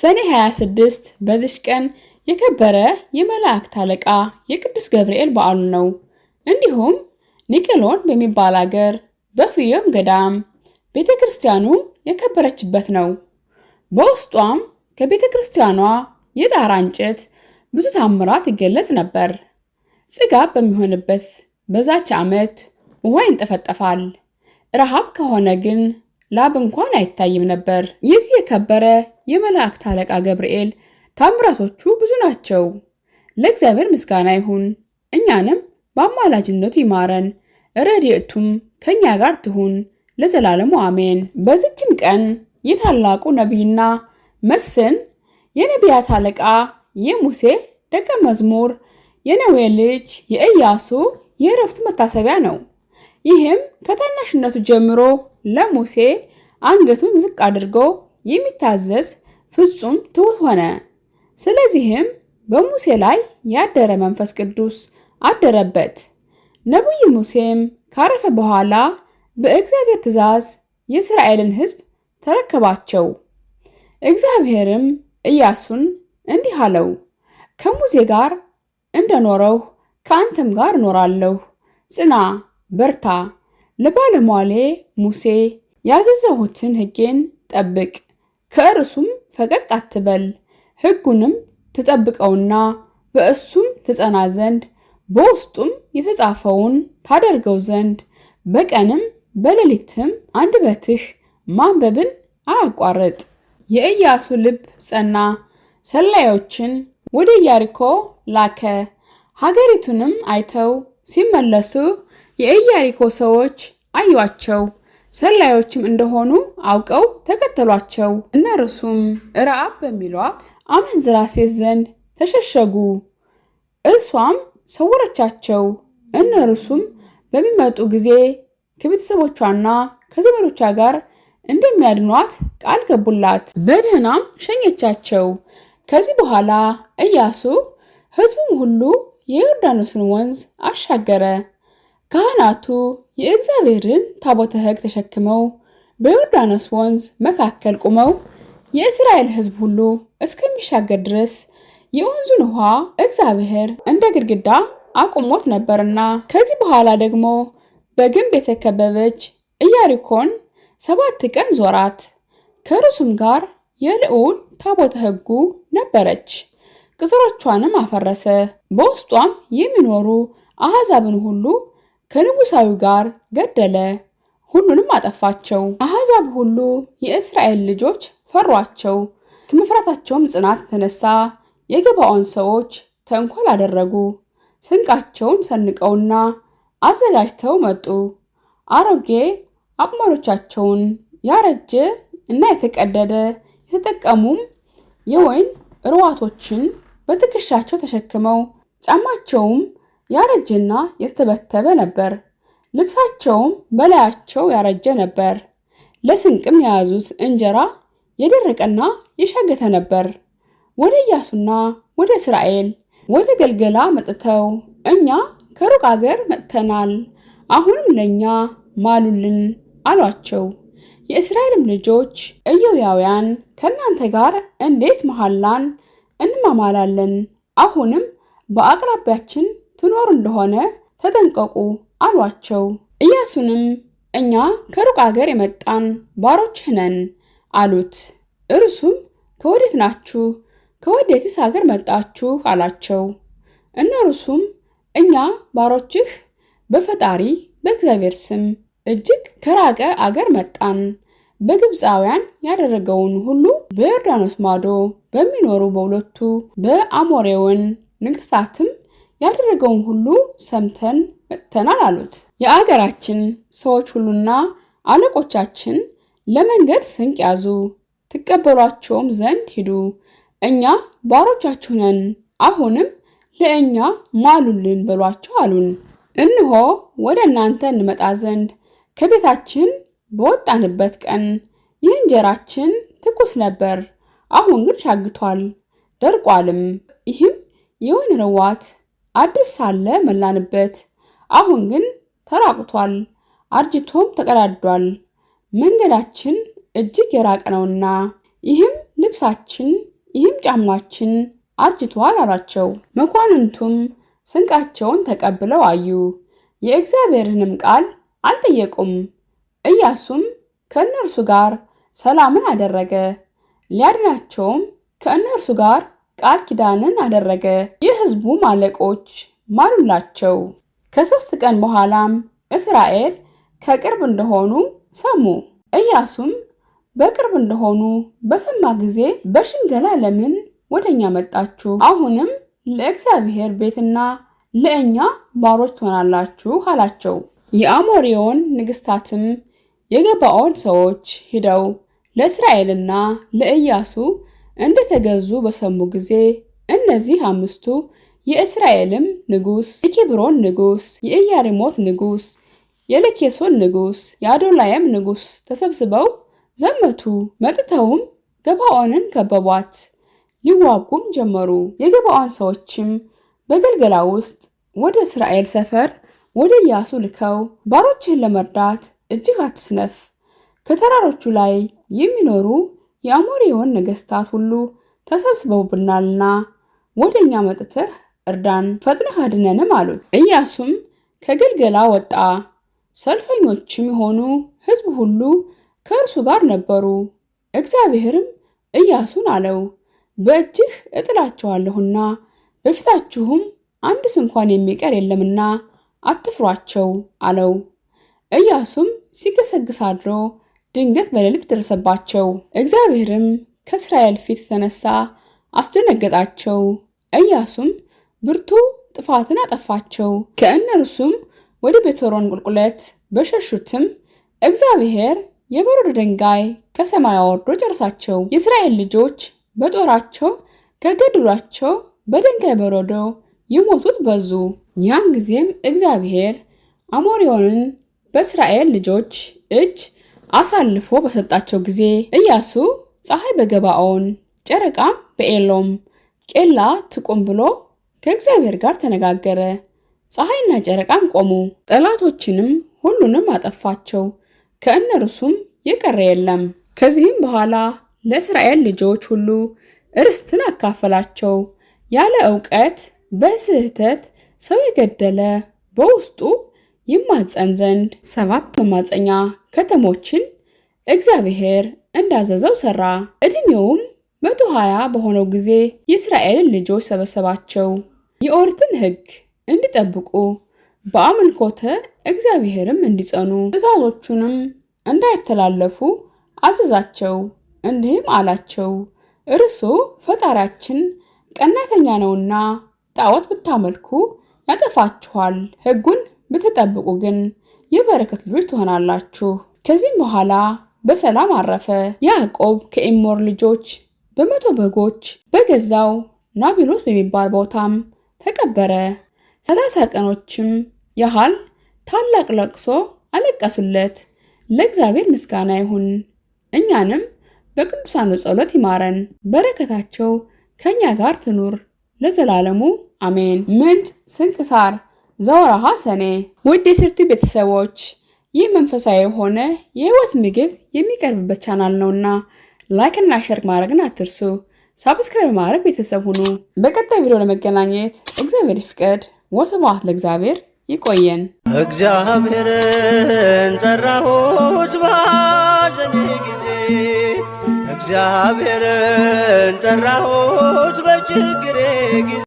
ሰኔ 26 በዚች ቀን የከበረ የመላእክት አለቃ የቅዱስ ገብርኤል በዓሉ ነው። እንዲሁም ኒቄሎን በሚባል አገር በፍዮም ገዳም ቤተ ክርስቲያኑ የከበረችበት ነው። በውስጧም ከቤተ ክርስቲያኗ የጣራ እንጨት ብዙ ታምራት ይገለጽ ነበር። ጽጋብ በሚሆንበት በዛች ዓመት ውሃ ይንጠፈጠፋል። ረሃብ ከሆነ ግን ላብ እንኳን አይታይም ነበር። የዚህ የከበረ የመላእክት አለቃ ገብርኤል ታምራቶቹ ብዙ ናቸው። ለእግዚአብሔር ምስጋና ይሁን። እኛንም በአማላጅነቱ ይማረን፣ ረድኤቱም ከእኛ ጋር ትሁን ለዘላለሙ አሜን። በዚችም ቀን የታላቁ ነቢይና መስፍን የነቢያት አለቃ የሙሴ ደቀ መዝሙር የነዌ ልጅ የኢያሱ የእረፍቱ መታሰቢያ ነው። ይህም ከታናሽነቱ ጀምሮ ለሙሴ አንገቱን ዝቅ አድርጎ የሚታዘዝ ፍጹም ትሑት ሆነ። ስለዚህም በሙሴ ላይ ያደረ መንፈስ ቅዱስ አደረበት። ነቡይ ሙሴም ካረፈ በኋላ በእግዚአብሔር ትእዛዝ የእስራኤልን ሕዝብ ተረከባቸው። እግዚአብሔርም እያሱን እንዲህ አለው፣ ከሙሴ ጋር እንደኖረው ከአንተም ጋር እኖራለሁ፣ ጽና በርታ፣ ለባለሟሌ ሙሴ ያዘዘሁትን ሕጌን ጠብቅ፣ ከእርሱም ፈቀቅ አትበል። ሕጉንም ትጠብቀውና በእሱም ትጸና ዘንድ በውስጡም የተጻፈውን ታደርገው ዘንድ በቀንም በሌሊትም አንደበትህ ማንበብን አያቋርጥ። የኢያሱ ልብ ጸና፣ ሰላዮችን ወደ ኢያሪኮ ላከ። ሀገሪቱንም አይተው ሲመለሱ የኢያሪኮ ሰዎች አዩአቸው፣ ሰላዮችም እንደሆኑ አውቀው ተከተሏቸው። እነርሱም ረአብ በሚሏት አመንዝራ ሴት ዘንድ ተሸሸጉ። እርሷም ሰወረቻቸው። እነርሱም በሚመጡ ጊዜ ከቤተሰቦቿና ከዘመዶቿ ጋር እንደሚያድኗት ቃል ገቡላት። በደህናም ሸኘቻቸው። ከዚህ በኋላ ኢያሱ ሕዝቡም ሁሉ የዮርዳኖስን ወንዝ አሻገረ። ካህናቱ የእግዚአብሔርን ታቦተ ሕግ ተሸክመው በዮርዳኖስ ወንዝ መካከል ቆመው የእስራኤል ሕዝብ ሁሉ እስከሚሻገር ድረስ የወንዙን ውኃ እግዚአብሔር እንደ ግድግዳ አቁሞት ነበርና ከዚህ በኋላ ደግሞ በግንብ የተከበበች ኢያሪኮን ሰባት ቀን ዞራት። ከርሱም ጋር የልዑል ታቦተ ሕጉ ነበረች። ቅጽሮቿንም አፈረሰ። በውስጧም የሚኖሩ አሕዛብን ሁሉ ከንጉሳዊ ጋር ገደለ፣ ሁሉንም አጠፋቸው። አሕዛብ ሁሉ የእስራኤል ልጆች ፈሯቸው። ከመፍራታቸውም ጽናት የተነሳ የገባዖን ሰዎች ተንኮል አደረጉ። ስንቃቸውን ሰንቀውና አዘጋጅተው መጡ። አሮጌ አቅማሮቻቸውን ያረጀ እና የተቀደደ የተጠቀሙም የወይን እርዋቶችን በትከሻቸው ተሸክመው ጫማቸውም ያረጀና የተበተበ ነበር። ልብሳቸውም በላያቸው ያረጀ ነበር። ለስንቅም የያዙት እንጀራ የደረቀና የሻገተ ነበር። ወደ ኢያሱና ወደ እስራኤል ወደ ገልገላ መጥተው እኛ ከሩቅ አገር መጥተናል፣ አሁንም ለእኛ ማሉልን አሏቸው። የእስራኤልም ልጆች ኢዮያውያን ከእናንተ ጋር እንዴት መሐላን እንማማላለን? አሁንም በአቅራቢያችን ትኖር እንደሆነ ተጠንቀቁ አሏቸው። ኢያሱንም እኛ ከሩቅ አገር የመጣን ባሮችህ ነን አሉት። እርሱም ከወዴት ናችሁ? ከወዴትስ አገር መጣችሁ? አላቸው። እነርሱም እኛ ባሮችህ በፈጣሪ በእግዚአብሔር ስም እጅግ ከራቀ አገር መጣን በግብፃውያን ያደረገውን ሁሉ በዮርዳኖስ ማዶ በሚኖሩ በሁለቱ በአሞሬውን ንግስታትም ያደረገውን ሁሉ ሰምተን መጥተናል አሉት። የአገራችን ሰዎች ሁሉና አለቆቻችን ለመንገድ ስንቅ ያዙ፣ ትቀበሏቸውም ዘንድ ሂዱ። እኛ ባሮቻችሁ ነን፣ አሁንም ለእኛ ማሉልን በሏቸው አሉን። እንሆ ወደ እናንተ እንመጣ ዘንድ ከቤታችን በወጣንበት ቀን ይህ እንጀራችን ትኩስ ነበር፣ አሁን ግን ሻግቷል፣ ደርቋልም። ይህም የወይን ርዋት አዲስ ሳለ መላንበት፣ አሁን ግን ተራቁቷል፣ አርጅቶም ተቀዳዷል። መንገዳችን እጅግ የራቀ ነውና ይህም ልብሳችን ይህም ጫማችን አርጅቷል አላቸው። መኳንንቱም ስንቃቸውን ተቀብለው አዩ፣ የእግዚአብሔርንም ቃል አልጠየቁም። ኢያሱም ከእነርሱ ጋር ሰላምን አደረገ፣ ሊያድናቸውም ከእነርሱ ጋር ቃል ኪዳንን አደረገ። የሕዝቡ አለቆች ማሉላቸው። ከሦስት ቀን በኋላም እስራኤል ከቅርብ እንደሆኑ ሰሙ። ኢያሱም በቅርብ እንደሆኑ በሰማ ጊዜ በሽንገላ ለምን ወደኛ መጣችሁ? አሁንም ለእግዚአብሔር ቤትና ለእኛ ባሮች ትሆናላችሁ አላቸው። የአሞሪዮን ንግስታትም የገባኦን ሰዎች ሂደው ለእስራኤልና ለኢያሱ እንደተገዙ በሰሙ ጊዜ እነዚህ አምስቱ የእስራኤልም ንጉስ፣ የኬብሮን ንጉስ የኢያሪሞት ንጉስ የለኬሶን ንጉስ የአዶላየም ንጉስ ተሰብስበው ዘመቱ። መጥተውም ገባኦንን ከበቧት፣ ሊዋጉም ጀመሩ። የገባኦን ሰዎችም በገልገላ ውስጥ ወደ እስራኤል ሰፈር ወደ ኢያሱ ልከው ባሮችህን ለመርዳት እጅግ አትስነፍ፣ ከተራሮቹ ላይ የሚኖሩ የአሞሪውን ነገስታት ሁሉ ተሰብስበውብናልና ወደ እኛ መጥተህ እርዳን፣ ፈጥነህ አድነንም አሉት። ኢያሱም ከግልገላ ወጣ፣ ሰልፈኞችም የሆኑ ሕዝብ ሁሉ ከእርሱ ጋር ነበሩ። እግዚአብሔርም ኢያሱን አለው፣ በእጅህ እጥላቸዋለሁና በፊታችሁም አንድ ስንኳን የሚቀር የለምና አትፍሯቸው አለው። ኢያሱም ሲገሰግስ አድሮ ድንገት በሌሊት ደረሰባቸው። እግዚአብሔርም ከእስራኤል ፊት የተነሳ አስደነገጣቸው። ኢያሱም ብርቱ ጥፋትን አጠፋቸው። ከእነርሱም ወደ ቤቶሮን ቁልቁለት በሸሹትም እግዚአብሔር የበረዶ ድንጋይ ከሰማይ አወርዶ ጨርሳቸው። የእስራኤል ልጆች በጦራቸው ከገድሏቸው በድንጋይ በረዶ የሞቱት በዙ። ያን ጊዜም እግዚአብሔር አሞሪዮንን በእስራኤል ልጆች እጅ አሳልፎ በሰጣቸው ጊዜ ኢያሱ ፀሐይ በገባኦን ጨረቃም በኤሎም ቄላ ትቁም ብሎ ከእግዚአብሔር ጋር ተነጋገረ። ፀሐይና ጨረቃም ቆሙ። ጠላቶችንም ሁሉንም አጠፋቸው፣ ከእነርሱም የቀረ የለም። ከዚህም በኋላ ለእስራኤል ልጆች ሁሉ እርስትን አካፈላቸው። ያለ እውቀት በስህተት ሰው የገደለ በውስጡ ይማጸን ዘንድ ሰባት መማፀኛ ከተሞችን እግዚአብሔር እንዳዘዘው ሠራ። ዕድሜውም መቶ ሀያ በሆነው ጊዜ የእስራኤልን ልጆች ሰበሰባቸው። የኦሪትን ሕግ እንዲጠብቁ በአምልኮተ እግዚአብሔርም እንዲጸኑ ትእዛዞቹንም እንዳይተላለፉ አዘዛቸው። እንዲህም አላቸው፣ እርሱ ፈጣሪያችን ቀናተኛ ነውና ጣዖት ብታመልኩ ያጠፋችኋል። ሕጉን ብትጠብቁ ግን የበረከት ልጆች ትሆናላችሁ። ከዚህም በኋላ በሰላም አረፈ። ያዕቆብ ከኤሞር ልጆች በመቶ በጎች በገዛው ናቢሎት በሚባል ቦታም ተቀበረ። ሰላሳ ቀኖችም ያህል ታላቅ ለቅሶ አለቀሱለት። ለእግዚአብሔር ምስጋና ይሁን፣ እኛንም በቅዱሳኑ ጸሎት ይማረን፣ በረከታቸው ከእኛ ጋር ትኑር ለዘላለሙ አሜን። ምንጭ ስንክሳር ዘወርሃ ሰኔ ውድ የስርቱ ቤተሰቦች ይህ መንፈሳዊ የሆነ የህይወት ምግብ የሚቀርብበት ቻናል ነውና ላይክና ሸርክ ማድረግን አትርሱ። ሳብስክራይብ ማድረግ ቤተሰብ ሁኑ። በቀጣይ ቪዲዮ ለመገናኘት እግዚአብሔር ይፍቀድ። ወስብሐት ለእግዚአብሔር። ይቆየን። እግዚአብሔርን ጠራሁት በሐዘኔ ጊዜ፣ እግዚአብሔርን ጠራሁት በችግሬ ጊዜ